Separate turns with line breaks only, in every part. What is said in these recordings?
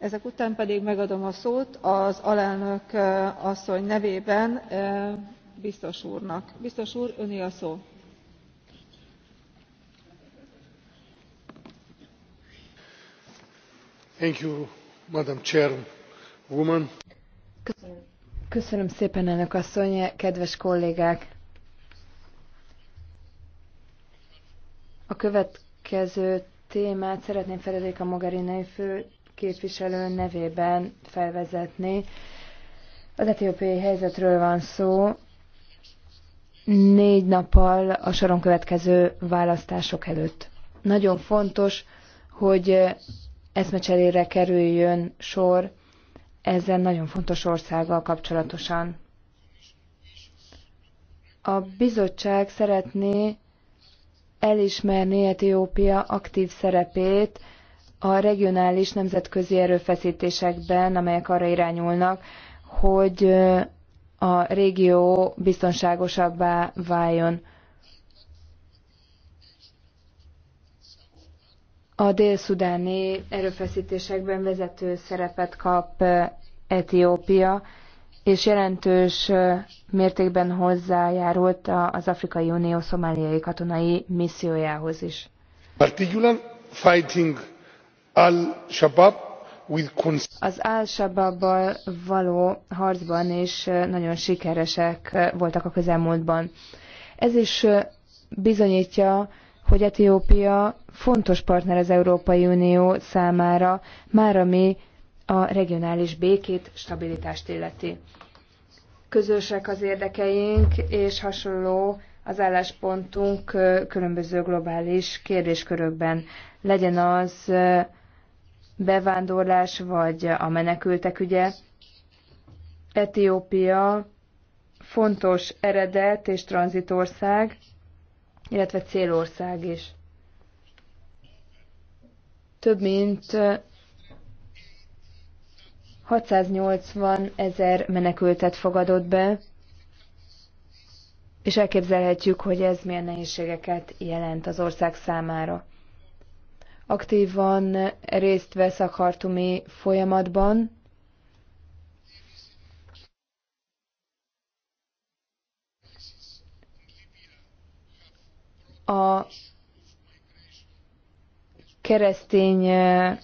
ezek után pedig megadom a szót az alelnök asszony nevében biztos úrnak. biztos úr öné a szó. You, madam Köszönöm.
Köszönöm szépen, elnök asszony, kedves kollégák! A következő témát szeretném Federica Mogherini fő képviselő nevében felvezetni. Az etiópiai helyzetről van szó. Négy nappal a soron következő választások előtt. Nagyon fontos, hogy eszmecserére kerüljön sor Ezen nagyon fontos országgal kapcsolatosan. A bizottság szeretné elismerni Etiópia aktív szerepét a regionális nemzetközi erőfeszítésekben, amelyek arra irányulnak, hogy a régió biztonságosabbá váljon. A dél-szudáni erőfeszítésekben vezető szerepet kap Etiópia, és jelentős mértékben hozzájárult az Afrikai Unió szomáliai katonai missziójához is.
Particular fighting
az al shabaabbal való harcban is nagyon sikeresek voltak a közelmúltban. Ez is bizonyítja, hogy Etiópia fontos partner az Európai Unió számára, már ami a regionális békét, stabilitást illeti. Közösek az érdekeink, és hasonló az álláspontunk különböző globális kérdéskörökben. Legyen az bevándorlás vagy a menekültek ügye. Etiópia fontos eredet és tranzitország, illetve célország is. Több mint 680 ezer menekültet fogadott be, és elképzelhetjük, hogy ez milyen nehézségeket jelent az ország számára aktívan részt vesz a Khartoumi folyamatban. A keresztény eh,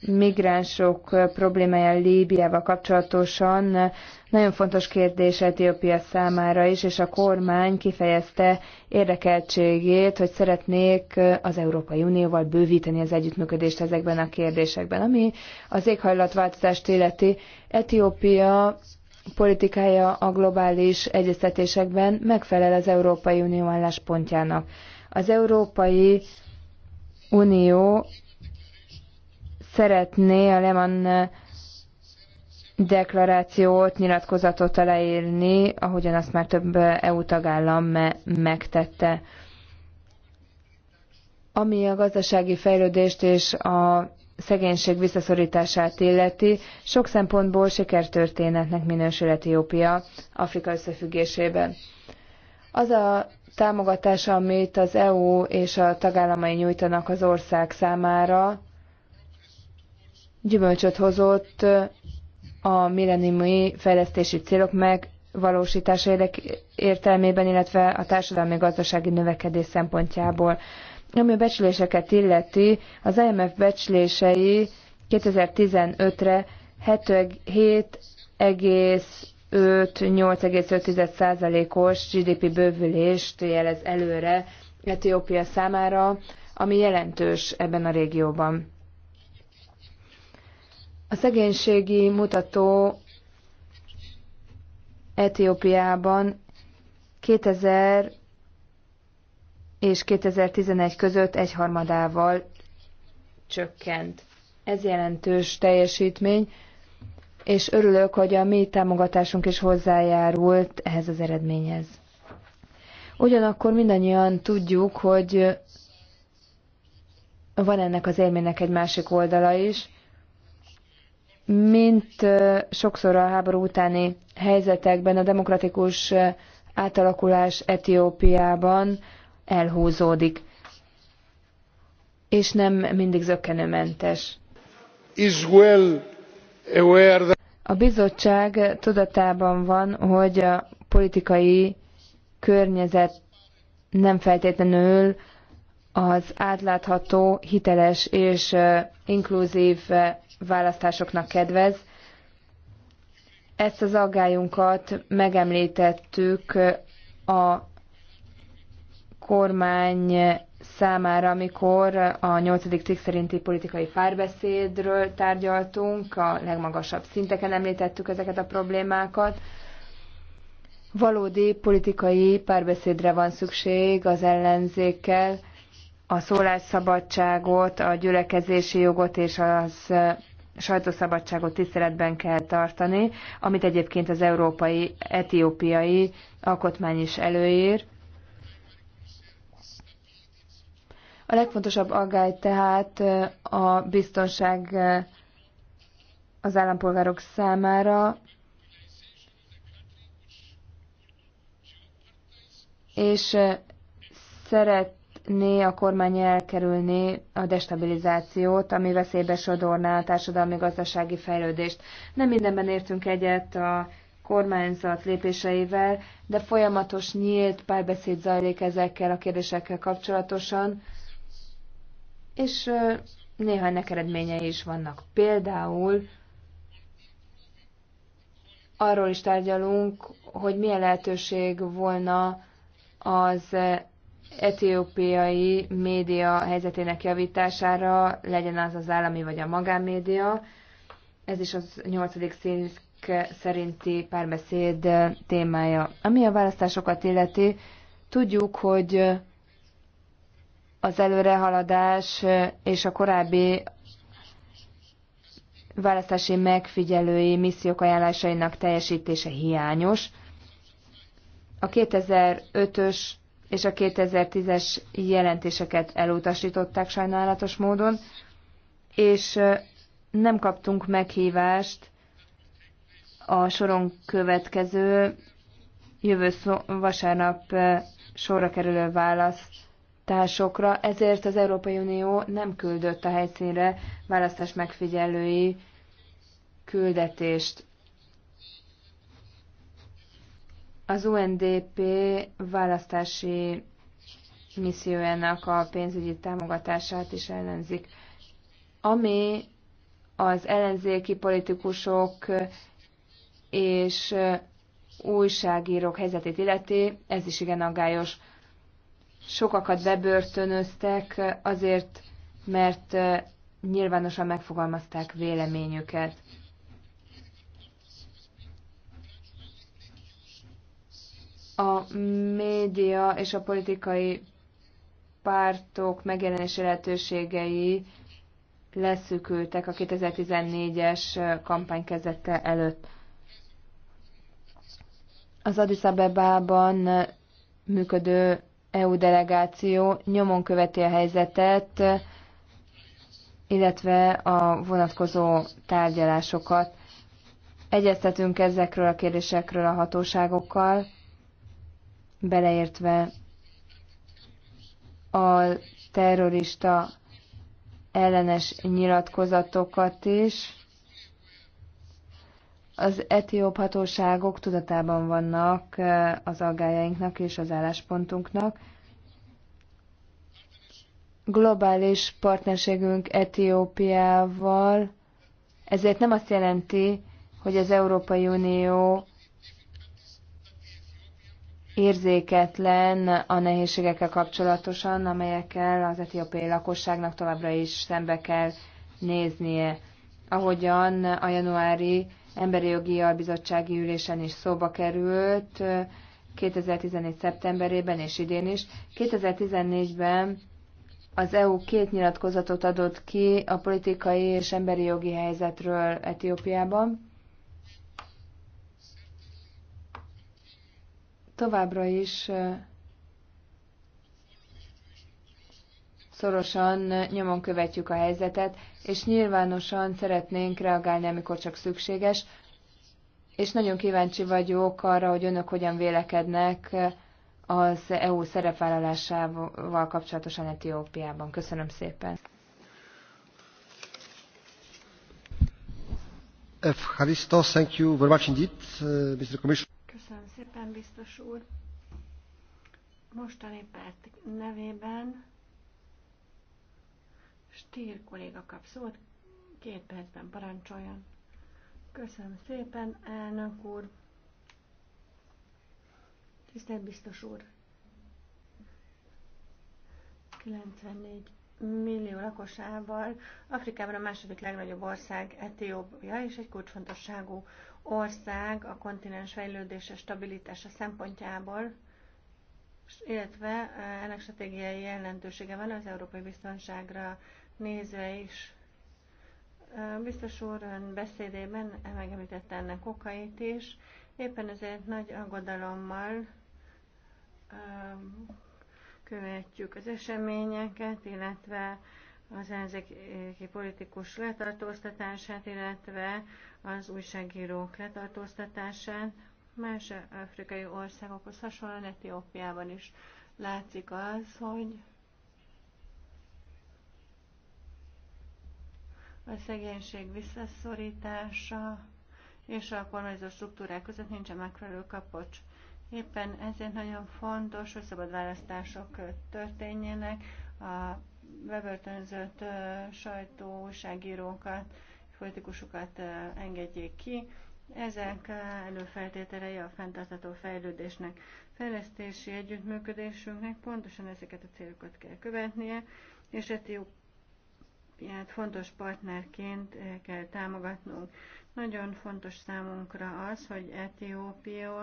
migránsok eh, problémája Líbiával kapcsolatosan eh, nagyon fontos kérdés Etiópia számára is, és a kormány kifejezte érdekeltségét, hogy szeretnék az Európai Unióval bővíteni az együttműködést ezekben a kérdésekben. Ami az éghajlatváltozást illeti, Etiópia politikája a globális egyeztetésekben megfelel az Európai Unió álláspontjának. Az Európai Unió szeretné a Lehmann deklarációt, nyilatkozatot aláírni, ahogyan azt már több EU tagállam megtette. Ami a gazdasági fejlődést és a szegénység visszaszorítását illeti, sok szempontból sikertörténetnek minősül Etiópia Afrika összefüggésében. Az a támogatás, amit az EU és a tagállamai nyújtanak az ország számára, gyümölcsöt hozott a millenniumi fejlesztési célok megvalósítása értelmében, illetve a társadalmi-gazdasági növekedés szempontjából. Ami a becsléseket illeti, az IMF becslései 2015-re 7,5-8,5%-os GDP bővülést jelez előre Etiópia számára, ami jelentős ebben a régióban. A szegénységi mutató Etiópiában 2000 és 2011 között egyharmadával csökkent. Ez jelentős teljesítmény, és örülök, hogy a mi támogatásunk is hozzájárult ehhez az eredményhez. Ugyanakkor mindannyian tudjuk, hogy van ennek az élménynek egy másik oldala is, mint sokszor a háború utáni helyzetekben a demokratikus átalakulás Etiópiában elhúzódik, és nem mindig zökkenőmentes. A bizottság tudatában van, hogy a politikai környezet nem feltétlenül az átlátható, hiteles és inkluzív választásoknak kedvez. Ezt az aggályunkat megemlítettük a kormány számára, amikor a 8. cikk szerinti politikai párbeszédről tárgyaltunk, a legmagasabb szinteken említettük ezeket a problémákat. Valódi politikai párbeszédre van szükség az ellenzékkel, a szólásszabadságot, a gyülekezési jogot és az sajtószabadságot tiszteletben kell tartani, amit egyébként az európai etiópiai alkotmány is előír. A legfontosabb aggály tehát a biztonság az állampolgárok számára, és szeret szeretné a kormány elkerülni a destabilizációt, ami veszélybe sodorná a társadalmi-gazdasági fejlődést. Nem mindenben értünk egyet a kormányzat lépéseivel, de folyamatos nyílt párbeszéd zajlik ezekkel a kérdésekkel kapcsolatosan, és néha ennek eredményei is vannak. Például arról is tárgyalunk, hogy milyen lehetőség volna az etiópiai média helyzetének javítására, legyen az az állami vagy a magánmédia. Ez is az nyolcadik színk szerinti párbeszéd témája. Ami a választásokat illeti, tudjuk, hogy az előrehaladás és a korábbi választási megfigyelői missziók ajánlásainak teljesítése hiányos. A 2005-ös és a 2010-es jelentéseket elutasították sajnálatos módon, és nem kaptunk meghívást a soron következő jövő szó, vasárnap sorra kerülő választásokra, ezért az Európai Unió nem küldött a helyszínre választás megfigyelői küldetést. az UNDP választási missziójának a pénzügyi támogatását is ellenzik. Ami az ellenzéki politikusok és újságírók helyzetét illeti, ez is igen aggályos. Sokakat bebörtönöztek azért, mert nyilvánosan megfogalmazták véleményüket. a média és a politikai pártok megjelenési lehetőségei leszűkültek a 2014-es kampány kezdete előtt. Az Addis Abebában működő EU delegáció nyomon követi a helyzetet, illetve a vonatkozó tárgyalásokat. Egyeztetünk ezekről a kérdésekről a hatóságokkal, beleértve a terrorista ellenes nyilatkozatokat is. Az etióp hatóságok tudatában vannak eh, az aggájainknak és az álláspontunknak. Globális partnerségünk Etiópiával ezért nem azt jelenti, hogy az Európai Unió érzéketlen a nehézségekkel kapcsolatosan, amelyekkel az etiópiai lakosságnak továbbra is szembe kell néznie. Ahogyan a januári Emberi Jogi Albizottsági Ülésen is szóba került, 2014. szeptemberében és idén is. 2014-ben az EU két nyilatkozatot adott ki a politikai és emberi jogi helyzetről Etiópiában. továbbra is szorosan nyomon követjük a helyzetet, és nyilvánosan szeretnénk reagálni, amikor csak szükséges, és nagyon kíváncsi vagyok arra, hogy önök hogyan vélekednek az EU szerepvállalásával kapcsolatosan Etiópiában. Köszönöm szépen. Thank you very much indeed, uh, Mr.
Commissioner. Köszönöm szépen, biztos úr. Mostani párt nevében Stír kolléga kap szót. Két percben parancsoljon. Köszönöm szépen, elnök úr. Tisztelt biztos úr. 94 millió lakosával Afrikában a második legnagyobb ország Etiópia és egy kulcsfontosságú ország a kontinens fejlődése stabilitása szempontjából, illetve ennek stratégiai jelentősége van az európai biztonságra nézve is. Biztos úr ön beszédében megemlítette ennek okait is, éppen ezért nagy aggodalommal követjük az eseményeket, illetve az ellenzéki politikus letartóztatását, illetve az újságírók letartóztatását. Más afrikai országokhoz hasonlóan Etiópiában is látszik az, hogy a szegénység visszaszorítása és a kormányzó struktúrák között nincsen megfelelő kapocs. Éppen ezért nagyon fontos, hogy szabad választások történjenek, a bebörtönzött sajtó, újságírókat, politikusokat engedjék ki. Ezek előfeltételei a fenntartható fejlődésnek, fejlesztési együttműködésünknek, pontosan ezeket a célokat kell követnie, és Etiópiát fontos partnerként kell támogatnunk. Nagyon fontos számunkra az, hogy Etiópia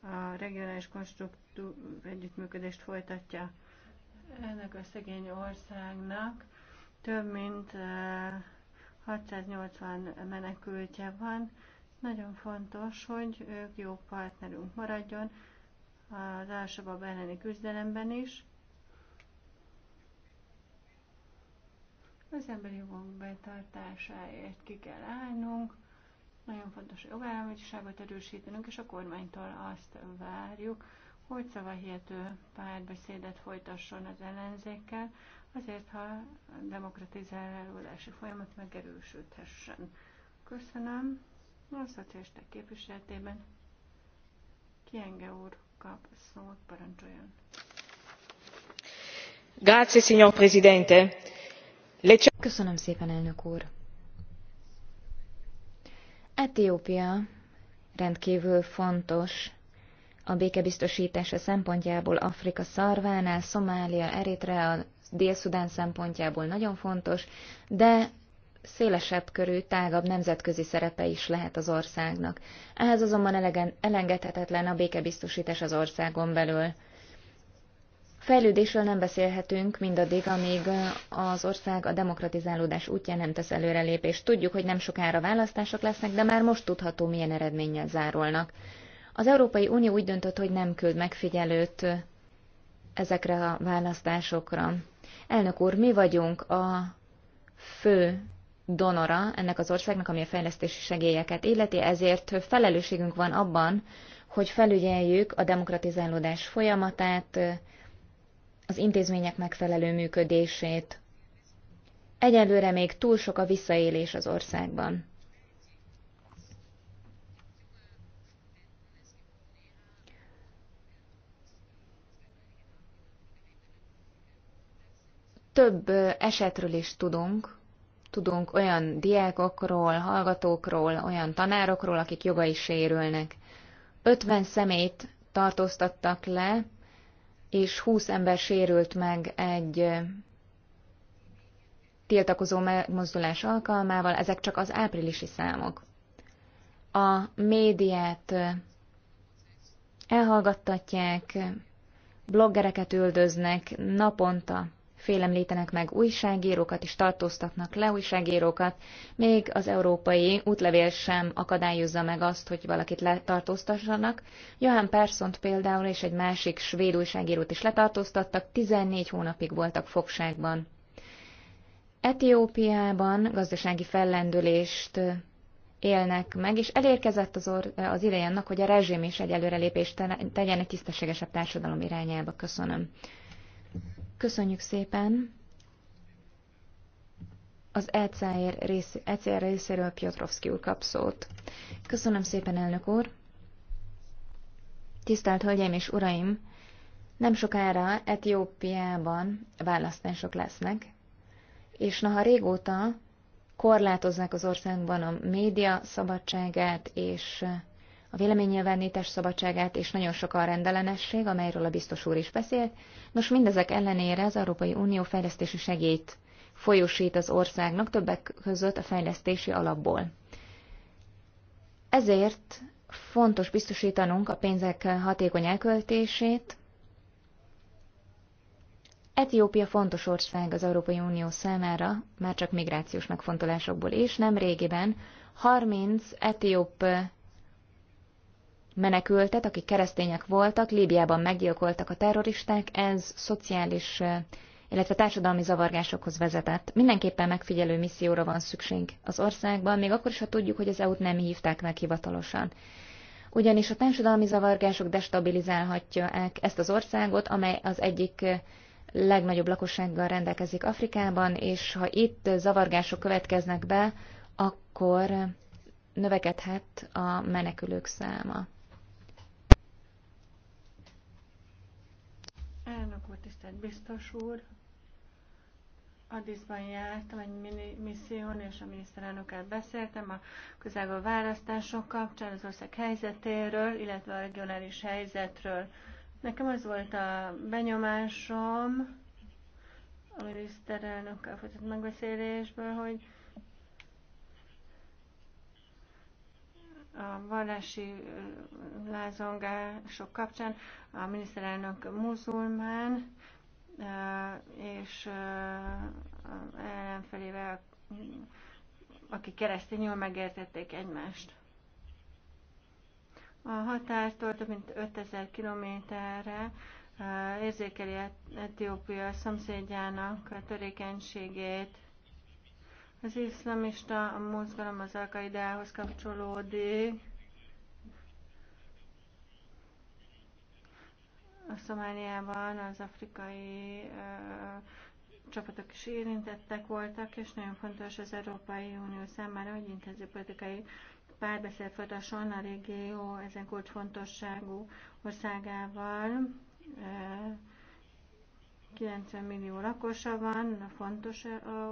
a regionális konstruktív együttműködést folytatja ennek a szegény országnak több mint 680 eh, menekültje van. Nagyon fontos, hogy ők jó partnerünk maradjon az Alsabab elleni küzdelemben is. Az emberi jogok betartásáért ki kell állnunk. Nagyon fontos a jogállamiságot erősítenünk, és a kormánytól azt várjuk, hogy szavahihető párbeszédet folytasson az ellenzékkel, azért, ha a demokratizálódási folyamat megerősödhessen. Köszönöm. A szociálista képviseletében Kienge úr kap szót, parancsoljon.
Grazie, signor Presidente. Köszönöm szépen, elnök úr. Etiópia rendkívül fontos a békebiztosítása szempontjából Afrika szarvánál, Szomália, Eritrea, Dél-Szudán szempontjából nagyon fontos, de szélesebb körű, tágabb nemzetközi szerepe is lehet az országnak. Ehhez azonban elegen, elengedhetetlen a békebiztosítás az országon belül. Fejlődésről nem beszélhetünk mindaddig, amíg az ország a demokratizálódás útján nem tesz előrelépést. Tudjuk, hogy nem sokára választások lesznek, de már most tudható, milyen eredménnyel zárulnak. Az Európai Unió úgy döntött, hogy nem küld megfigyelőt ezekre a választásokra. Elnök úr, mi vagyunk a fő donora ennek az országnak, ami a fejlesztési segélyeket illeti, ezért felelősségünk van abban, hogy felügyeljük a demokratizálódás folyamatát, az intézmények megfelelő működését. Egyelőre még túl sok a visszaélés az országban. több esetről is tudunk, tudunk olyan diákokról, hallgatókról, olyan tanárokról, akik jogai sérülnek. 50 szemét tartóztattak le, és 20 ember sérült meg egy tiltakozó mozdulás alkalmával, ezek csak az áprilisi számok. A médiát elhallgattatják, bloggereket üldöznek naponta, félemlítenek meg újságírókat, és tartóztatnak le újságírókat, még az európai útlevél sem akadályozza meg azt, hogy valakit letartóztassanak. Johan Perszont például és egy másik svéd újságírót is letartóztattak, 14 hónapig voltak fogságban. Etiópiában gazdasági fellendülést élnek meg, és elérkezett az, or- az ideje annak, hogy a rezsim is egy előrelépést tegyen egy tisztességesebb társadalom irányába. Köszönöm. Köszönjük szépen az ECR, rész, ECR részéről Piotrowski úr kap szót. Köszönöm szépen, elnök úr! Tisztelt Hölgyeim és Uraim! Nem sokára Etiópiában választások lesznek, és noha régóta korlátozzák az országban a média szabadságát és a véleménynyilvánítás szabadságát és nagyon sok a rendellenesség, amelyről a biztos úr is beszélt. Nos, mindezek ellenére az Európai Unió fejlesztési segélyt folyósít az országnak többek között a fejlesztési alapból. Ezért fontos biztosítanunk a pénzek hatékony elköltését. Etiópia fontos ország az Európai Unió számára, már csak migrációs megfontolásokból is. Nem régiben 30 etióp menekültet, akik keresztények voltak, Líbiában meggyilkoltak a terroristák, ez szociális, illetve társadalmi zavargásokhoz vezetett. Mindenképpen megfigyelő misszióra van szükség az országban, még akkor is, ha tudjuk, hogy az EU-t nem hívták meg hivatalosan. Ugyanis a társadalmi zavargások destabilizálhatják ezt az országot, amely az egyik legnagyobb lakossággal rendelkezik Afrikában, és ha itt zavargások következnek be, akkor növekedhet a menekülők száma.
Elnök úr, tisztelt biztos úr! Addisban jártam egy mini misszión, és a miniszterelnökkel beszéltem a közelgő választások kapcsán, az ország helyzetéről, illetve a regionális helyzetről. Nekem az volt a benyomásom, a miniszterelnökkel folytatott megbeszélésből, hogy a vallási lázongások kapcsán. A miniszterelnök muzulmán, és ellenfelével, aki keresztényül megértették egymást. A határtól több mint 5000 kilométerre érzékeli Etiópia szomszédjának a törékenységét, az iszlamista a mozgalom az alkaidához kapcsolódik. A Szomáliában az afrikai ö, csapatok is érintettek voltak, és nagyon fontos az Európai Unió számára, hogy intenzív politikai párbeszéd folytasson a régió ezen kulcsfontosságú országával. Ö, 90 millió lakosa van, fontos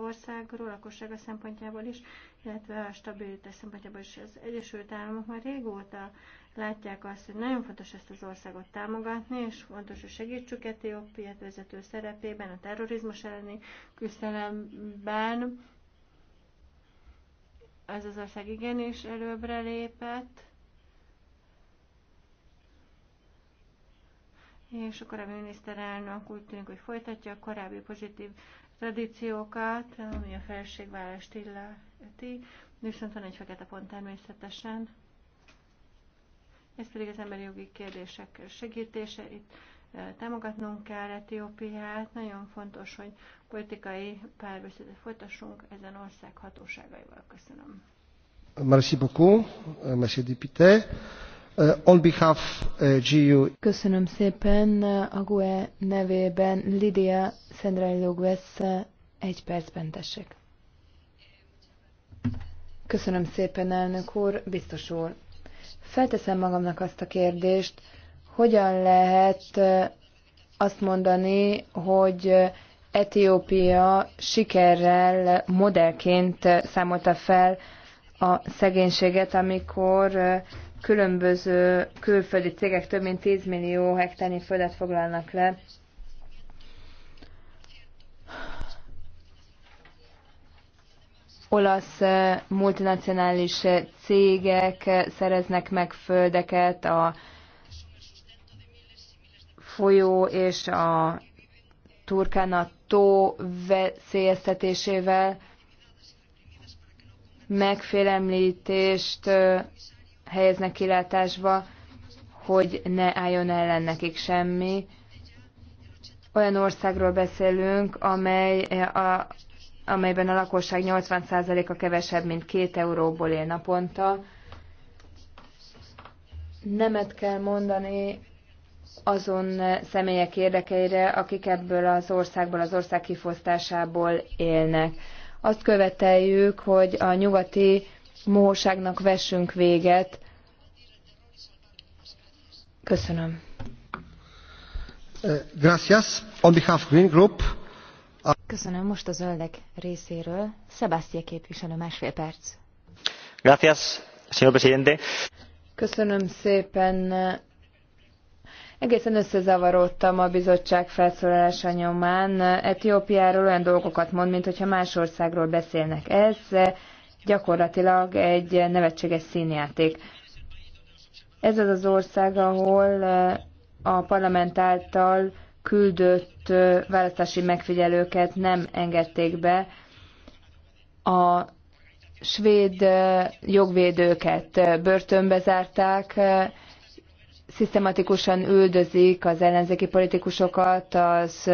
országról, lakossága szempontjából is, illetve a stabilitás szempontjából is. Az Egyesült Államok már régóta látják azt, hogy nagyon fontos ezt az országot támogatni, és fontos, hogy segítsük Etiópiát vezető szerepében, a terrorizmus elleni küzdelemben. Ez az ország igenis előbbre lépett és a korábbi miniszterelnök úgy tűnik, hogy folytatja a korábbi pozitív tradíciókat, ami a felségvállást illeti, viszont van egy fekete pont természetesen. Ez pedig az emberi jogi kérdések segítése. Itt e, támogatnunk kell Etiópiát. Nagyon fontos, hogy politikai párbeszédet folytassunk ezen ország hatóságaival. Köszönöm.
Merci beaucoup, euh, monsieur député. Uh, on behalf uh, GU. Köszönöm szépen a GUE nevében Lidia Szendrailog vesz uh, egy percben tessék. Köszönöm szépen, elnök úr, biztos úr. Felteszem magamnak azt a kérdést, hogyan lehet azt mondani, hogy Etiópia sikerrel modellként számolta fel a szegénységet, amikor különböző külföldi cégek több mint 10 millió hektárnyi földet foglalnak le. Olasz eh, multinacionális eh, cégek eh, szereznek meg földeket a folyó és a a tó veszélyeztetésével megfélemlítést helyeznek kilátásba, hogy ne álljon ellen nekik semmi. Olyan országról beszélünk, amely a, amelyben a lakosság 80%-a kevesebb, mint 2 euróból él naponta. Nemet kell mondani azon személyek érdekeire, akik ebből az országból, az ország kifosztásából élnek. Azt követeljük, hogy a nyugati mohóságnak vessünk véget. Köszönöm. Eh, gracias. On
behalf of Green Group.
Köszönöm most a zöldek részéről. Sebastia képviselő, másfél perc.
Gracias, señor presidente.
Köszönöm
szépen. Egészen összezavarodtam a bizottság felszólalása nyomán. Etiópiáról olyan dolgokat mond, mint hogyha más országról beszélnek. Ez gyakorlatilag egy nevetséges színjáték. Ez az az ország, ahol eh, a parlament által küldött eh, választási megfigyelőket nem engedték be a svéd eh, jogvédőket börtönbe zárták, szisztematikusan üldözik az ellenzéki politikusokat, az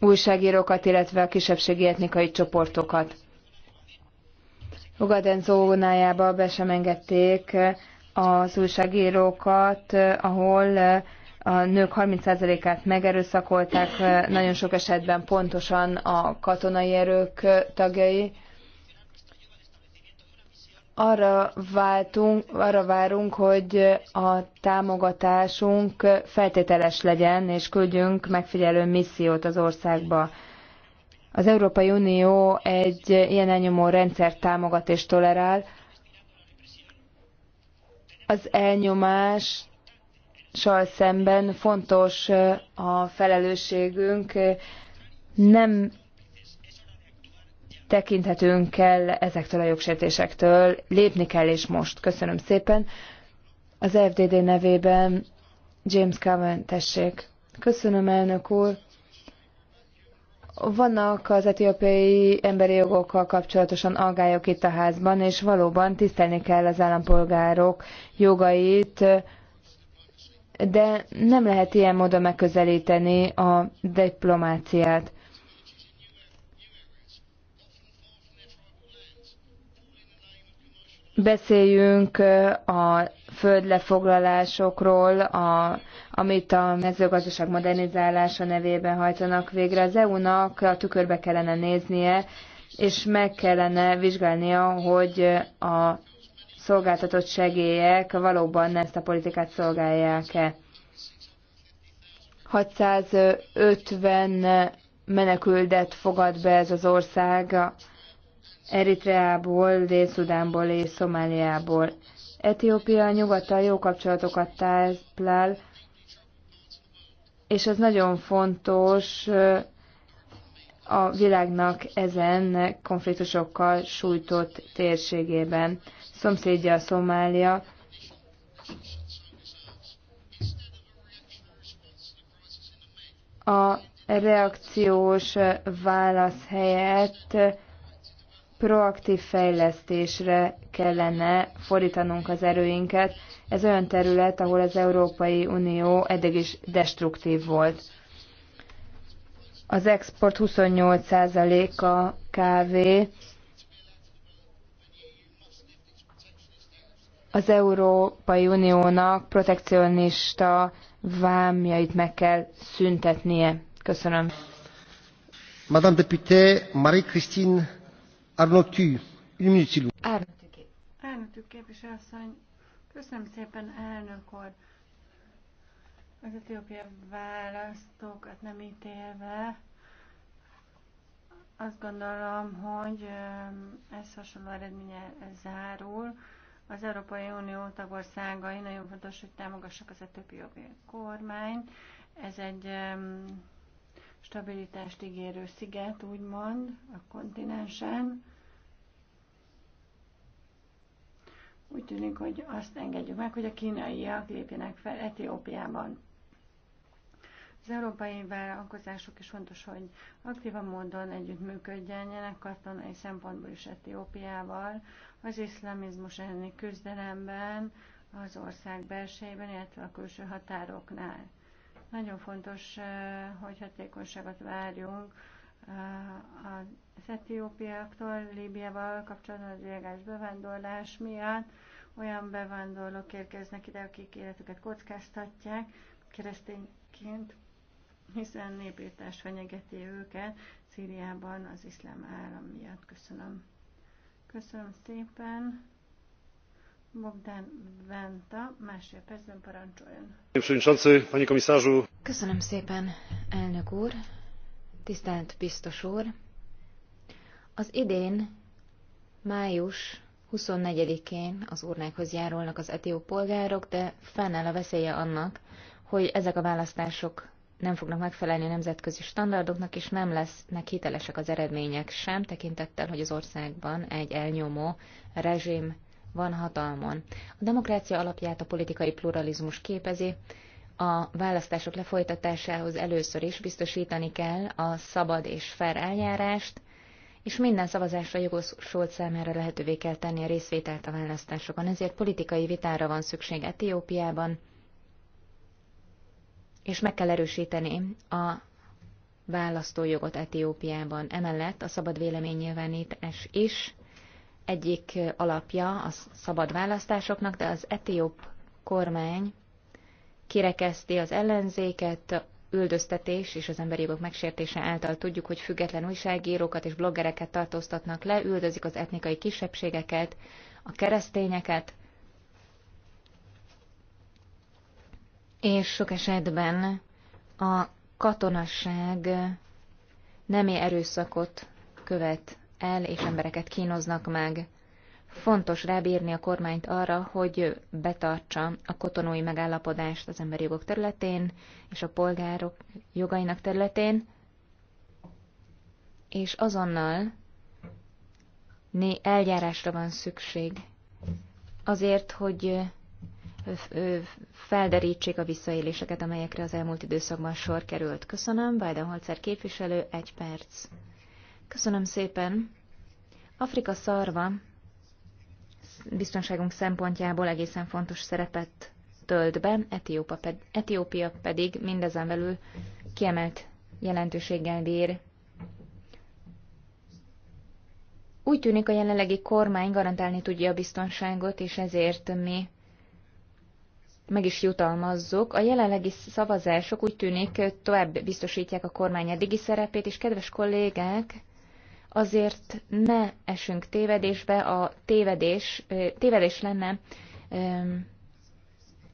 újságírókat, illetve a kisebbségi etnikai csoportokat. Ugaden zónájába be sem engedték az újságírókat, ahol a nők 30%-át megerőszakolták, nagyon sok esetben pontosan a katonai erők tagjai. Arra, váltunk, arra várunk, hogy a támogatásunk feltételes legyen, és küldjünk megfigyelő missziót az országba. Az Európai Unió egy ilyen elnyomó rendszert támogat és tolerál. Az elnyomás sal szemben fontos a felelősségünk, nem tekinthetünk el ezektől a jogsértésektől, lépni kell és most. Köszönöm szépen. Az FDD nevében James Cameron, tessék. Köszönöm, elnök úr. Vannak az etiópiai emberi jogokkal kapcsolatosan aggályok itt a házban, és valóban tisztelni kell az állampolgárok jogait, de nem lehet ilyen módon megközelíteni a diplomáciát. Beszéljünk a földlefoglalásokról, a, amit a mezőgazdaság modernizálása nevében hajtanak végre. Az EU-nak a tükörbe kellene néznie, és meg kellene vizsgálnia, hogy a szolgáltatott segélyek valóban ezt a politikát szolgálják-e. 650 menekültet fogad be ez az ország Eritreából, Dél-Szudánból és Szomáliából. Etiópia nyugattal jó kapcsolatokat táplál, és ez nagyon fontos a világnak ezen konfliktusokkal sújtott térségében. Szomszédja a Szomália, a reakciós válasz helyett proaktív fejlesztésre kellene fordítanunk az erőinket. Ez olyan terület, ahol az Európai Unió eddig is destruktív volt. Az export 28%-a kávé, az Európai Uniónak protekcionista vámjait meg kell szüntetnie. Köszönöm. Madame Deputé, Marie-Christine
Arnottű, Ümitilú. Arnottű képviselőasszony, köszönöm szépen, elnök úr. Az etiópia választókat nem ítélve, azt gondolom, hogy ez hasonló eredménye zárul. Az Európai Unió tagországai nagyon fontos, hogy támogassak az etiópiai kormányt. Ez egy um, stabilitást ígérő sziget, úgymond, a kontinensen. Úgy tűnik, hogy azt engedjük meg, hogy a kínaiak lépjenek fel Etiópiában. Az európai vállalkozások is fontos, hogy aktívan módon együttműködjenek katonai szempontból is Etiópiával, az iszlamizmus elleni küzdelemben, az ország belsejében, illetve a külső határoknál. Nagyon fontos, eh, hogy hatékonyságot várjunk eh, az etiópiaktól, Líbiával kapcsolatban az illegális bevándorlás miatt. Olyan bevándorlók érkeznek ide, akik életüket kockáztatják keresztényként, hiszen népírtás fenyegeti őket Szíriában az iszlám állam miatt. Köszönöm. Köszönöm szépen. Bogdán Venta, másfél percben parancsoljon.
Köszönöm szépen, elnök úr, tisztelt biztos úr. Az idén, május 24-én az urnákhoz járulnak az etióp polgárok, de fennáll a veszélye annak, hogy ezek a választások nem fognak megfelelni a nemzetközi standardoknak, és nem lesznek hitelesek az eredmények sem, tekintettel, hogy az országban egy elnyomó rezsim van hatalmon. A demokrácia alapját a politikai pluralizmus képezi, a választások lefolytatásához először is biztosítani kell a szabad és fair eljárást, és minden szavazásra jogosult számára lehetővé kell tenni a részvételt a választásokon. Ezért politikai vitára van szükség Etiópiában, és meg kell erősíteni a választójogot Etiópiában. Emellett a szabad véleménynyilvánítás is egyik alapja a szabad választásoknak, de az etióp kormány kirekezti az ellenzéket, üldöztetés és az emberi jogok megsértése által tudjuk, hogy független újságírókat és bloggereket tartóztatnak le, üldözik az etnikai kisebbségeket, a keresztényeket, és sok esetben a katonasság nemi erőszakot követ el, és embereket kínoznak meg. Fontos rábírni a kormányt arra, hogy betartsa a kotonói megállapodást az emberi jogok területén és a polgárok jogainak területén, és azonnal né eljárásra van szükség azért, hogy felderítsék a visszaéléseket, amelyekre az elmúlt időszakban sor került. Köszönöm, Biden Holzer képviselő, egy perc. Köszönöm szépen. Afrika szarva biztonságunk szempontjából egészen fontos szerepet tölt be, Etiópa ped, Etiópia pedig mindezen belül kiemelt jelentőséggel bír. Úgy tűnik, a jelenlegi kormány garantálni tudja a biztonságot, és ezért mi meg is jutalmazzuk. A jelenlegi szavazások úgy tűnik tovább biztosítják a kormány eddigi szerepét, és kedves kollégák, azért ne esünk tévedésbe, a tévedés, tévedés lenne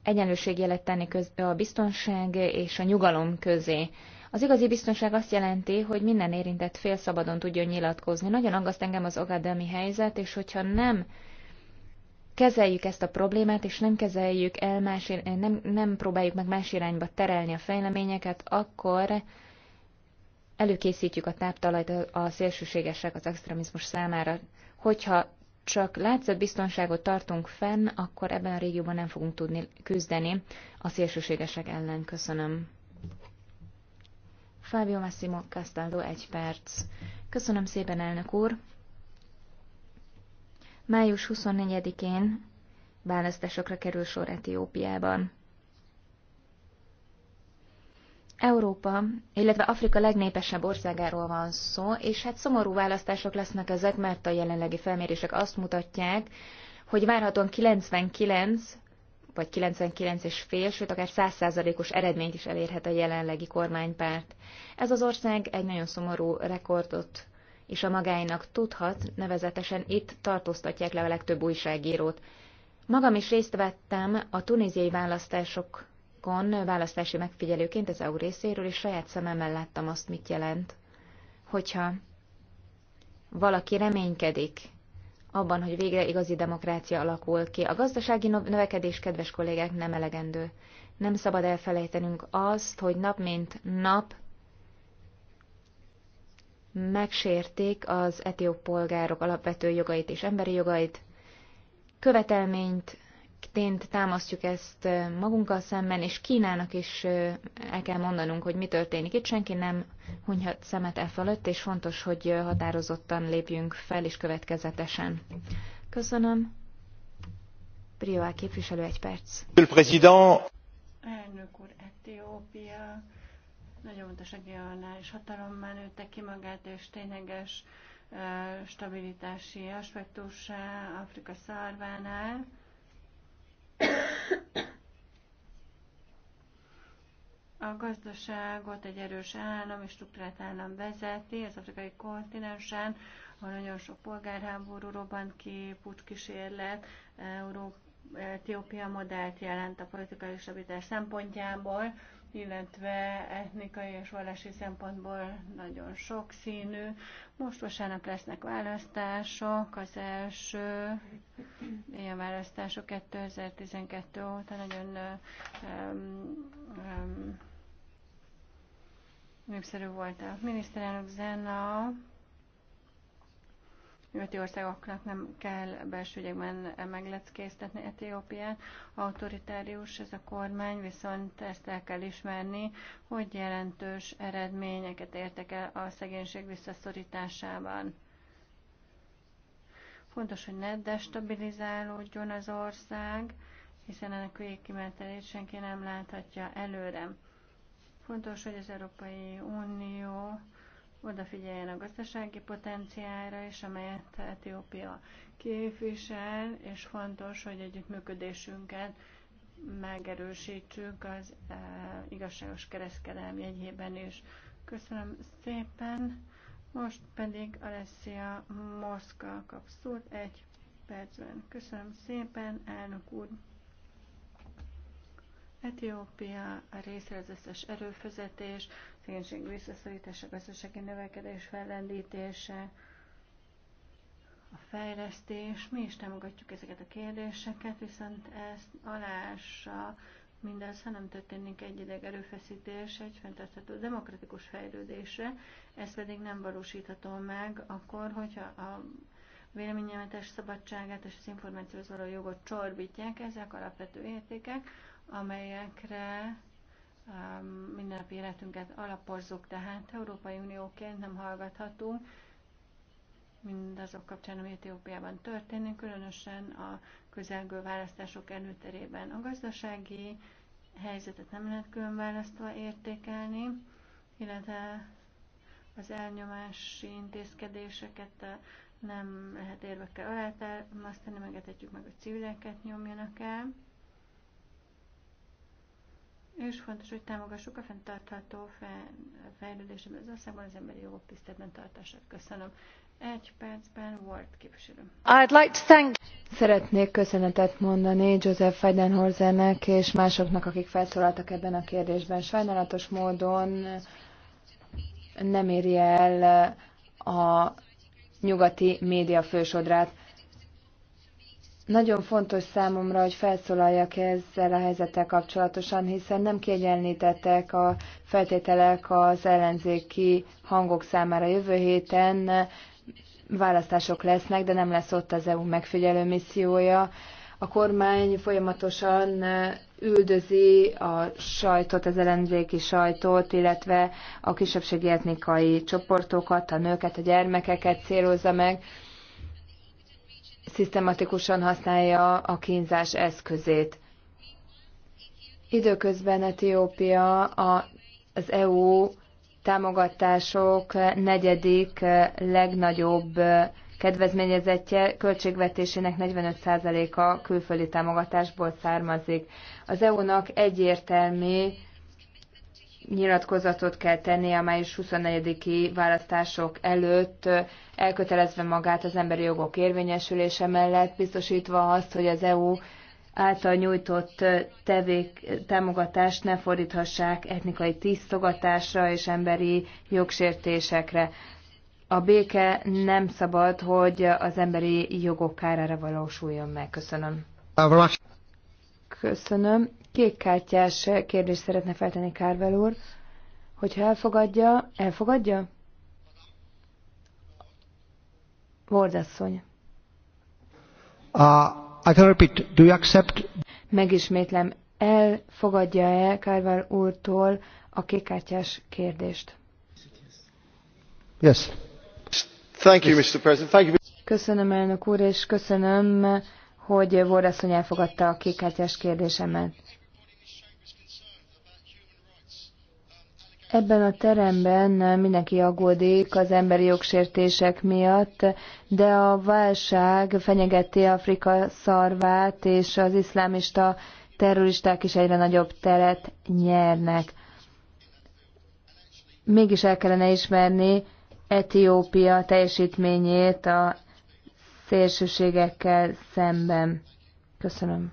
egyenlőségjelet tenni köz, a biztonság és a nyugalom közé. Az igazi biztonság azt jelenti, hogy minden érintett fél szabadon tudjon nyilatkozni. Nagyon aggaszt engem az agadami helyzet, és hogyha nem kezeljük ezt a problémát, és nem kezeljük el, más, nem, nem próbáljuk meg más irányba terelni a fejleményeket, akkor előkészítjük a táptalajt a szélsőségesek az extremizmus számára. Hogyha csak látszott biztonságot tartunk fenn, akkor ebben a régióban nem fogunk tudni küzdeni a szélsőségesek ellen. Köszönöm. Fábio Massimo Castaldo, egy perc. Köszönöm szépen, elnök úr. Május 24-én választásokra kerül sor Etiópiában. Európa, illetve Afrika legnépesebb országáról van szó, és hát szomorú választások lesznek ezek, mert a jelenlegi felmérések azt mutatják, hogy várhatóan 99 vagy 99 és fél, sőt akár 100%-os eredményt is elérhet a jelenlegi kormánypárt. Ez az ország egy nagyon szomorú rekordot is a magáinak tudhat, nevezetesen itt tartóztatják le a legtöbb újságírót. Magam is részt vettem a tunéziai választások Irakon választási megfigyelőként az EU részéről, és saját szememmel láttam azt, mit jelent, hogyha valaki reménykedik abban, hogy végre igazi demokrácia alakul ki. A gazdasági növekedés, kedves kollégák, nem elegendő. Nem szabad elfelejtenünk azt, hogy nap mint nap megsérték az etióp polgárok alapvető jogait és emberi jogait, követelményt tényt támasztjuk ezt magunkkal szemben, és Kínának is el kell mondanunk, hogy mi történik itt. Senki nem hunyhat szemet e fölött, és fontos, hogy határozottan lépjünk fel, és következetesen. Köszönöm. Prioá képviselő, egy perc.
Elnök
úr, Etiópia nagyon fontos regionális hatalommá nőtte ki magát, és tényleges stabilitási aspektusa Afrika szarvánál a gazdaságot egy erős állam és struktúrált állam vezeti az afrikai kontinensen, ahol nagyon sok polgárháború robbant ki, kísérlet, Európa Etiópia modellt jelent a politikai stabilitás szempontjából illetve etnikai és vallási szempontból nagyon sokszínű. Most vasárnap lesznek választások, az első ilyen választások 2012 óta nagyon um, um, népszerű volt a miniszterelnök Zena, nyugati országoknak nem kell belső ügyekben megleckéztetni Etiópiát. Autoritárius ez a kormány, viszont ezt el kell ismerni, hogy jelentős eredményeket értek el a szegénység visszaszorításában. Fontos, hogy ne destabilizálódjon az ország, hiszen ennek végkimentelét senki nem láthatja előre. Fontos, hogy az Európai Unió odafigyeljen a gazdasági potenciára is, amelyet Etiópia képvisel, és fontos, hogy együttműködésünket megerősítsük az e, igazságos kereskedelmi jegyében is. Köszönöm szépen. Most pedig Alessia Moszka kap szót egy percben. Köszönöm szépen, elnök úr. Etiópia részre az összes erőfezetés, szegénység visszaszorítása, a gazdasági növekedés fellendítése, a fejlesztés. Mi is támogatjuk ezeket a kérdéseket, viszont ezt alássa mindez, ha nem történik egyideg erőfeszítés egy fenntartható demokratikus fejlődésre, ez pedig nem valósítható meg akkor, hogyha a véleményemetes szabadságát és az információhoz való jogot csorbítják, ezek alapvető értékek, amelyekre Um, mindennapi életünket alapozzuk, tehát Európai Unióként nem hallgathatunk mindazok kapcsán, ami Etiópiában történik, különösen a közelgő választások előterében. A gazdasági helyzetet nem lehet választva értékelni, illetve az elnyomási intézkedéseket uh, nem lehet érvekkel alátámasztani, megetetjük meg, hogy civileket nyomjanak el is fontos, hogy támogassuk a fenntartható fejlődésben az országban az emberi jogok tiszteletben tartását. Köszönöm. Egy percben volt képviselő.
I'd like to thank... Szeretnék köszönetet mondani Joseph Feidenhorzenek és másoknak, akik felszólaltak ebben a kérdésben. Sajnálatos módon nem éri el a nyugati média fősodrát. Nagyon fontos számomra, hogy felszólaljak ezzel a helyzettel kapcsolatosan, hiszen nem kiegyenlítettek a feltételek az ellenzéki hangok számára. Jövő héten választások lesznek, de nem lesz ott az EU megfigyelő missziója. A kormány folyamatosan üldözi a sajtot, az ellenzéki sajtót, illetve a kisebbségi etnikai csoportokat, a nőket, a gyermekeket célozza meg szisztematikusan használja a kínzás eszközét. Időközben Etiópia az EU támogatások negyedik legnagyobb kedvezményezettje költségvetésének 45%-a külföldi támogatásból származik. Az EU-nak egyértelmű nyilatkozatot kell tennie a május 24-i választások előtt, elkötelezve magát az emberi jogok érvényesülése mellett, biztosítva azt, hogy az EU által nyújtott tevék, támogatást ne fordíthassák etnikai tisztogatásra és emberi jogsértésekre. A béke nem szabad, hogy az emberi jogok kárára valósuljon meg. Köszönöm. Köszönöm kékkártyás kérdést szeretne feltenni Kárvel úr. Hogyha elfogadja, elfogadja? Vordasszony. Uh, I can repeat. Do you accept? Megismétlem, elfogadja-e Kárvel úrtól a kékkártyás kérdést? Yes. Thank you, Mr. President. Thank you. Köszönöm, elnök úr, és köszönöm, hogy Vordasszony elfogadta a kékkártyás kérdésemet. Ebben a teremben mindenki aggódik az emberi jogsértések miatt, de a válság fenyegeti Afrika szarvát, és az iszlámista terroristák is egyre nagyobb teret nyernek. Mégis el kellene ismerni Etiópia teljesítményét a szélsőségekkel szemben. Köszönöm.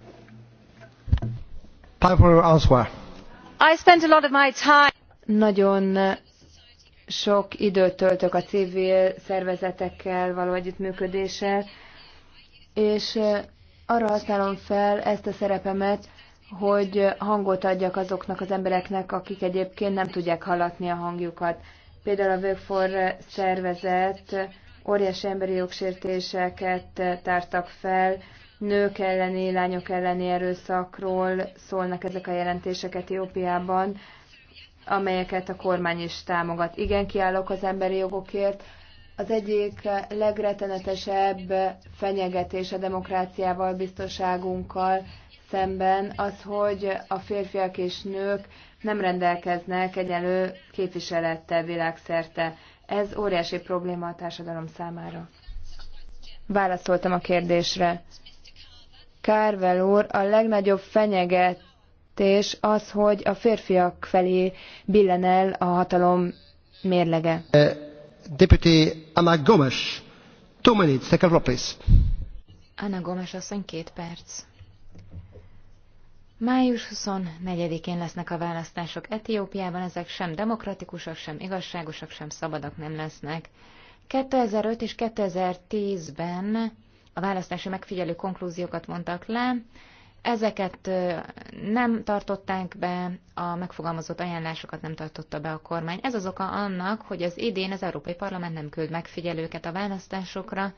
I spent a lot of my time nagyon sok időt töltök a civil szervezetekkel való együttműködéssel, és arra használom fel ezt a szerepemet, hogy hangot adjak azoknak az embereknek, akik egyébként nem tudják hallatni a hangjukat. Például a Vögfor szervezet óriási emberi jogsértéseket tártak fel, nők elleni, lányok elleni erőszakról szólnak ezek a jelentések Etiópiában, amelyeket a kormány is támogat. Igen, kiállok az emberi jogokért. Az egyik legretenetesebb fenyegetés a demokráciával, biztonságunkkal szemben az, hogy a férfiak és nők nem rendelkeznek egyenlő képviselettel világszerte. Ez óriási probléma a társadalom számára. Válaszoltam a kérdésre. Kárvel úr, a legnagyobb fenyeget megközelítés az, hogy a férfiak felé billen el a
hatalom mérlege.
Eh, Deputy Anna Gomes, two minutes, take a please.
Anna Gomes asszony, két perc. Május 24-én lesznek a választások Etiópiában, ezek sem demokratikusak, sem igazságosak, sem szabadak nem lesznek. 2005 és 2010-ben a választási megfigyelő konklúziókat mondtak le, Ezeket nem tartották be, a megfogalmazott ajánlásokat nem tartotta be a kormány. Ez az oka annak, hogy az idén az Európai Parlament nem küld megfigyelőket a választásokra,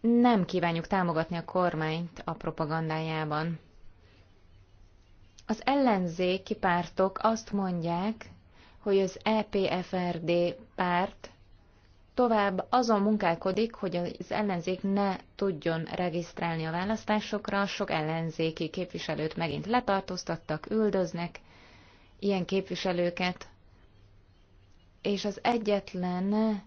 nem kívánjuk támogatni a kormányt a propagandájában. Az ellenzéki pártok azt mondják, hogy az EPFRD párt tovább azon munkálkodik, hogy az ellenzék ne tudjon regisztrálni a választásokra, sok ellenzéki képviselőt megint letartóztattak, üldöznek ilyen képviselőket, és az egyetlen e,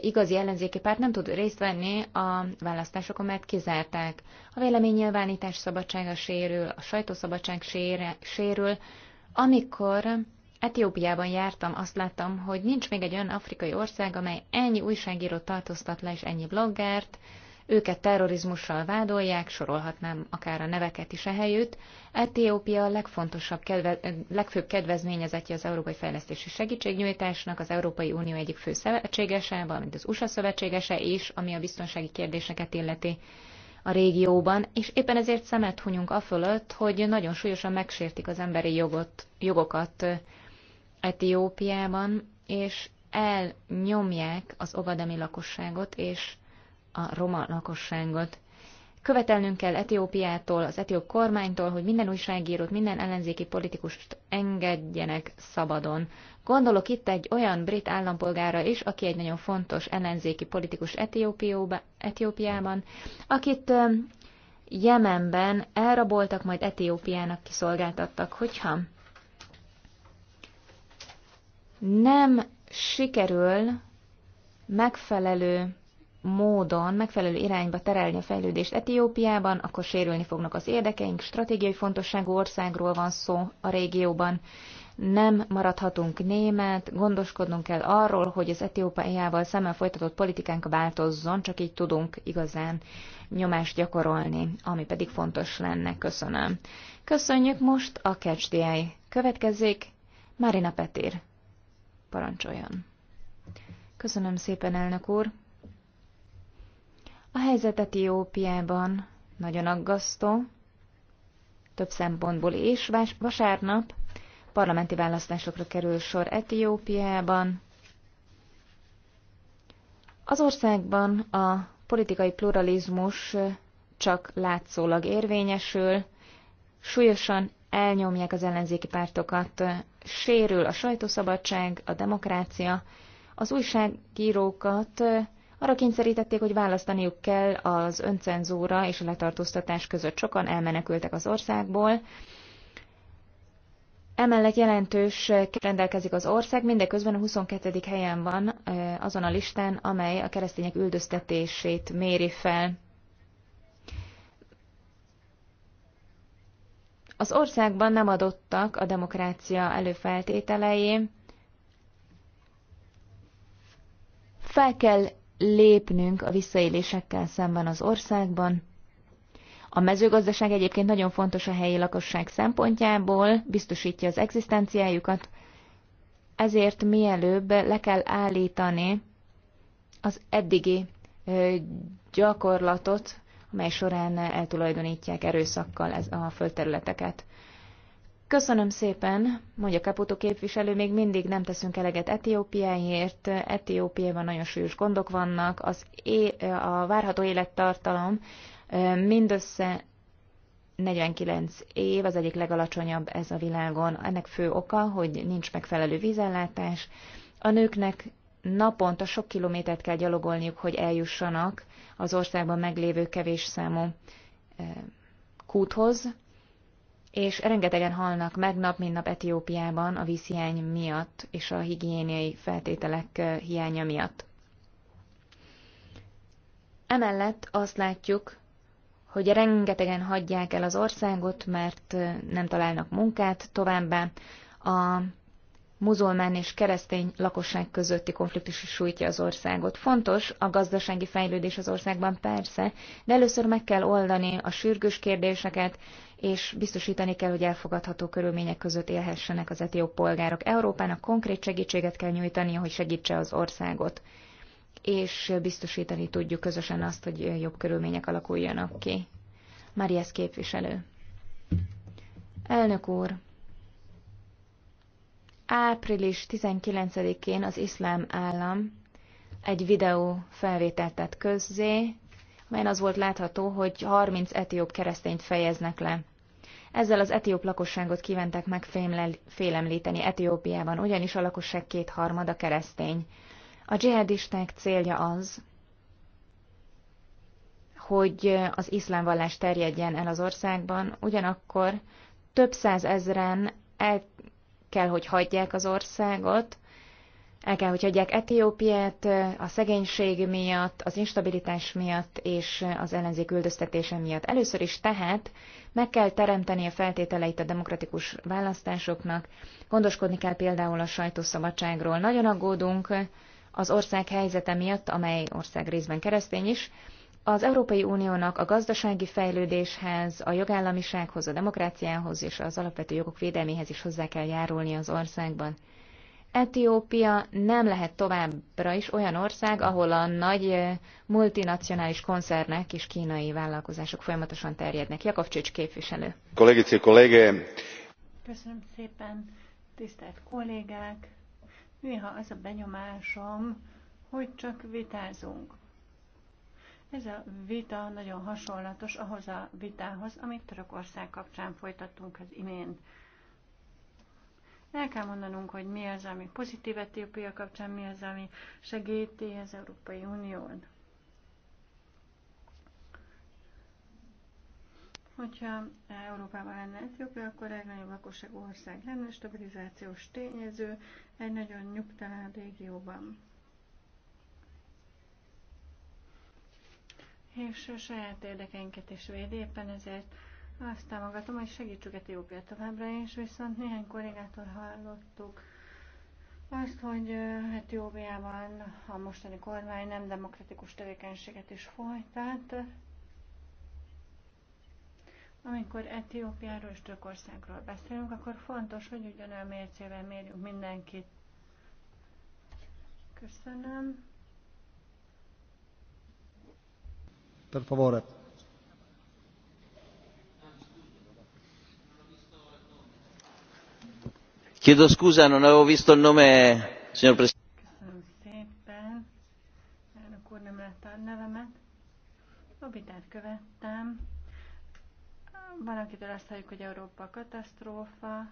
igazi ellenzéki párt nem tud részt venni a választásokon, mert kizárták. A véleménynyilvánítás szabadsága sérül, a sajtószabadság sérül, amikor Etiópiában jártam, azt láttam, hogy nincs még egy olyan afrikai ország, amely ennyi újságírót tartóztat le, és ennyi bloggert, őket terrorizmussal vádolják, sorolhatnám akár a neveket is ehelyütt. Etiópia a legfontosabb, kedve, legfőbb kedvezményezetje az Európai Fejlesztési Segítségnyújtásnak, az Európai Unió egyik fő szövetségese, valamint az USA szövetségese is, ami a biztonsági kérdéseket illeti a régióban, és éppen ezért szemet hunyunk afölött, hogy nagyon súlyosan megsértik az emberi jogot, jogokat Etiópiában, és elnyomják az ovadami lakosságot és a roma lakosságot. Követelnünk kell Etiópiától, az etióp kormánytól, hogy minden újságírót, minden ellenzéki politikust engedjenek szabadon. Gondolok itt egy olyan brit állampolgára is, aki egy nagyon fontos ellenzéki politikus Etiópiában, akit Jemenben elraboltak, majd Etiópiának kiszolgáltattak, hogyha nem sikerül megfelelő módon, megfelelő irányba terelni a fejlődést Etiópiában, akkor sérülni fognak az érdekeink, stratégiai fontosságú országról van szó a régióban. Nem maradhatunk német, gondoskodnunk kell arról, hogy az Etiópiával szemmel folytatott politikánk változzon, csak így tudunk igazán nyomást gyakorolni, ami pedig fontos lenne. Köszönöm. Köszönjük most a Catch Eye. Következik Marina Petir Parancsoljon. Köszönöm szépen, elnök úr. A helyzet Etiópiában nagyon aggasztó, több szempontból is. Vasárnap parlamenti választásokra kerül sor Etiópiában. Az országban a politikai pluralizmus csak látszólag érvényesül, súlyosan elnyomják az ellenzéki pártokat sérül a sajtószabadság, a demokrácia. Az újságírókat arra kényszerítették, hogy választaniuk kell az öncenzúra és a letartóztatás között. Sokan elmenekültek az országból. Emellett jelentős rendelkezik az ország, mindeközben a 22. helyen van azon a listán, amely a keresztények üldöztetését méri fel. Az országban nem adottak a demokrácia előfeltételei. Fel kell lépnünk a visszaélésekkel szemben az országban. A mezőgazdaság egyébként nagyon fontos a helyi lakosság szempontjából, biztosítja az egzisztenciájukat, ezért mielőbb le kell állítani az eddigi gyakorlatot, mely során eltulajdonítják erőszakkal ez a földterületeket. Köszönöm szépen, mondja Kaputo képviselő, még mindig nem teszünk eleget Etiópiáért. Etiópiában nagyon súlyos gondok vannak, az é- a várható élettartalom mindössze 49 év, az egyik legalacsonyabb ez a világon. Ennek fő oka, hogy nincs megfelelő vízellátás, a nőknek naponta sok kilométert kell gyalogolniuk, hogy eljussanak az országban meglévő kevés számú eh, kúthoz, és rengetegen halnak meg nap, mint nap Etiópiában a vízhiány miatt és a higiéniai feltételek eh, hiánya miatt. Emellett azt látjuk, hogy rengetegen hagyják el az országot, mert eh, nem találnak munkát továbbá. A muzulmán és keresztény lakosság közötti konfliktus is sújtja az országot. Fontos a gazdasági fejlődés az országban persze, de először meg kell oldani a sürgős kérdéseket, és biztosítani kell, hogy elfogadható körülmények között élhessenek az etióp polgárok. Európának konkrét segítséget kell nyújtania, hogy segítse az országot, és biztosítani tudjuk közösen azt, hogy jobb körülmények alakuljanak ki. Mariasz képviselő. Elnök úr! Április 19-én az iszlám állam egy videó felvételt tett közzé, melyen az volt látható, hogy 30 etióp keresztényt fejeznek le. Ezzel az etióp lakosságot kívánták megfélemlíteni Etiópiában, ugyanis a lakosság kétharmada keresztény. A dzsihadisták célja az, hogy az iszlám vallás terjedjen el az országban, ugyanakkor több százezren el kell, hogy hagyják az országot, el kell, hogy hagyják Etiópiát a szegénység miatt, az instabilitás miatt és az ellenzék üldöztetése miatt. Először is tehát meg kell teremteni a feltételeit a demokratikus választásoknak, gondoskodni kell például a sajtószabadságról. Nagyon aggódunk az ország helyzete miatt, amely ország részben keresztény is, az Európai Uniónak a gazdasági fejlődéshez, a jogállamisághoz, a demokráciához és az alapvető jogok védelméhez is hozzá kell járulni az országban. Etiópia nem lehet továbbra is olyan ország, ahol a nagy multinacionális koncernek és kínai vállalkozások folyamatosan terjednek. Csics képviselő.
Kollégici kollégé!
Köszönöm szépen, tisztelt kollégák! Néha az a benyomásom, hogy csak vitázunk. Ez a vita nagyon hasonlatos ahhoz a vitához, amit Törökország kapcsán folytattunk az imént. El kell mondanunk, hogy mi az, ami pozitív Etiópia kapcsán, mi az, ami segíti az Európai Unión. Hogyha Európában lenne Etiópia, akkor egy nagyobb lakosságú ország lenne, stabilizációs tényező egy nagyon nyugtalan régióban. és a saját érdekeinket is védi, éppen ezért azt támogatom, hogy segítsük Etiópiát továbbra is, viszont néhány kollégától hallottuk azt, hogy Etiópiában a mostani kormány nem demokratikus tevékenységet is folytat, amikor Etiópiáról és Törökországról beszélünk, akkor fontos, hogy ugyanolyan mércével mérjünk mindenkit. Köszönöm.
Per favore. Chiedo scusa, non avevo visto il nome,
signor Presidente. A Van, akitől azt halljuk, hogy Európa katasztrófa,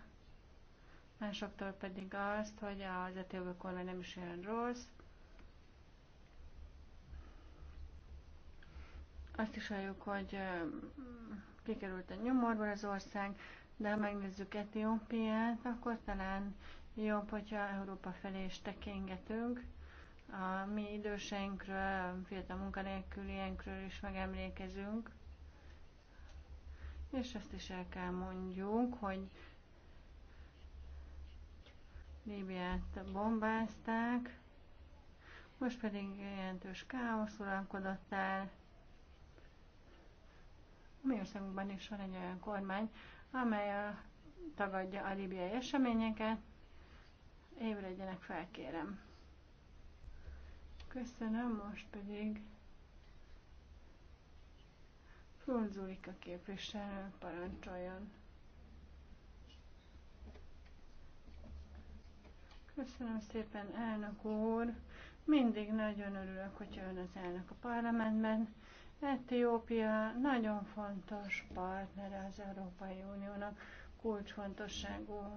másoktól pedig azt, hogy az etióbok kormány nem is olyan rossz, Azt is halljuk, hogy kikerült a nyomorból az ország, de ha megnézzük Etiópiát, akkor talán jobb, hogyha Európa felé is tekingetünk. A mi időseinkről, fiatal munkanélküliekről is megemlékezünk. És azt is el kell mondjuk, hogy Líbiát bombázták, most pedig jelentős káosz uralkodott el, a mi országunkban is van egy olyan kormány, amely a, tagadja a libiai eseményeket. Ébredjenek fel, kérem. Köszönöm, most pedig a képviselő parancsoljon. Köszönöm szépen, elnök úr. Mindig nagyon örülök, hogyha ön az elnök a parlamentben. Etiópia nagyon fontos partnere az Európai Uniónak, kulcsfontosságú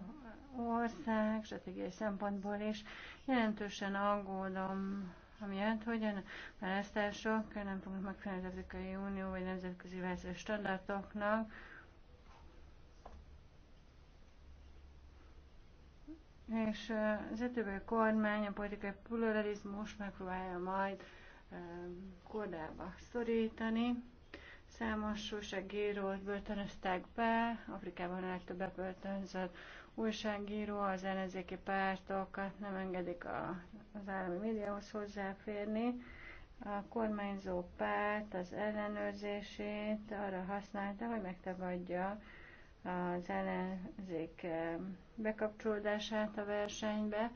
ország, stratégiai szempontból is. Jelentősen aggódom amiatt, hogy a választások nem fognak megfelelni az Európai Unió vagy nemzetközi választási standardoknak, és az etőből kormány a politikai pluralizmus megpróbálja majd kordába szorítani. Számos újságírót börtönöztek be, Afrikában a legtöbb bebörtönzött újságíró, az ellenzéki pártokat nem engedik a, az állami médiához hozzáférni. A kormányzó párt az ellenőrzését arra használta, hogy megtagadja az ellenzék eh, bekapcsolódását a versenybe,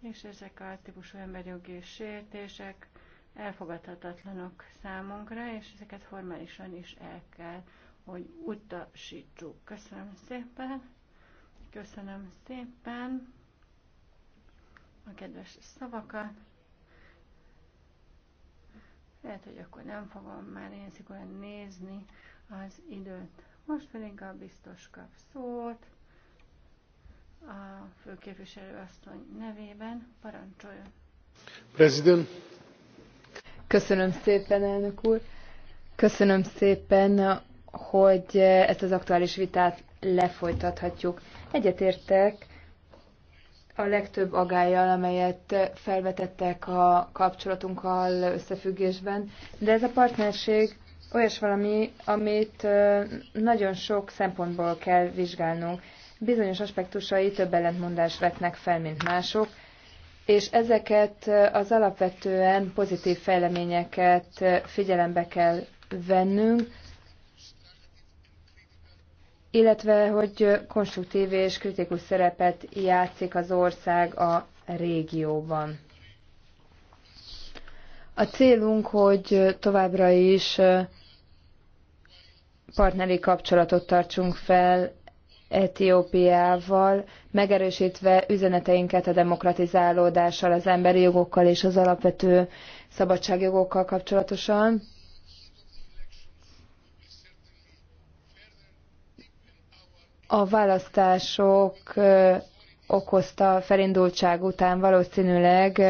és ezek a típusú emberjogi sértések elfogadhatatlanok számunkra, és ezeket formálisan is el kell, hogy utasítsuk. Köszönöm szépen! Köszönöm szépen a kedves szavakat! Lehet, hogy akkor nem fogom már ilyen szigorúan nézni az időt. Most pedig a biztos kap szót a asszony nevében. Parancsoljon!
President,
Köszönöm szépen, elnök úr. Köszönöm szépen, hogy ezt az aktuális vitát lefolytathatjuk. Egyetértek a legtöbb agállyal, amelyet felvetettek a kapcsolatunkkal összefüggésben, de ez a partnerség olyas valami, amit nagyon sok szempontból kell vizsgálnunk. Bizonyos aspektusai több ellentmondást vetnek fel, mint mások, és ezeket az alapvetően pozitív fejleményeket figyelembe kell vennünk, illetve hogy konstruktív és kritikus szerepet játszik az ország a régióban. A célunk, hogy továbbra is partneri kapcsolatot tartsunk fel Etiópiával, megerősítve üzeneteinket a demokratizálódással, az emberi jogokkal és az alapvető szabadságjogokkal kapcsolatosan. A választások okozta felindultság után valószínűleg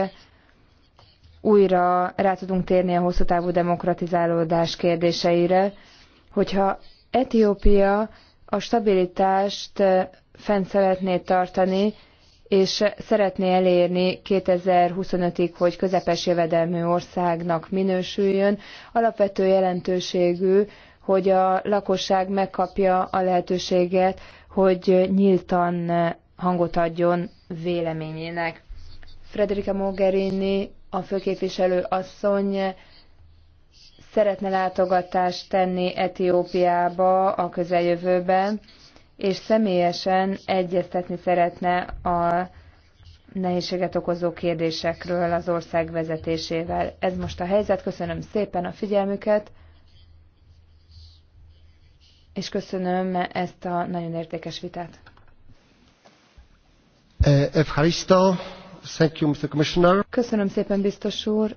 újra rá tudunk térni a hosszú távú demokratizálódás kérdéseire, hogyha Etiópia a stabilitást fent szeretné tartani, és szeretné elérni 2025-ig, hogy közepes jövedelmű országnak minősüljön. Alapvető jelentőségű, hogy a lakosság megkapja a lehetőséget, hogy nyíltan hangot adjon véleményének. Frederica Mogherini, a főképviselő asszony szeretne látogatást tenni Etiópiába a közeljövőben, és személyesen egyeztetni szeretne a nehézséget okozó kérdésekről az ország vezetésével. Ez most a helyzet, köszönöm szépen a figyelmüket, és köszönöm ezt a nagyon értékes vitát. Eh, köszönöm szépen, biztos úr.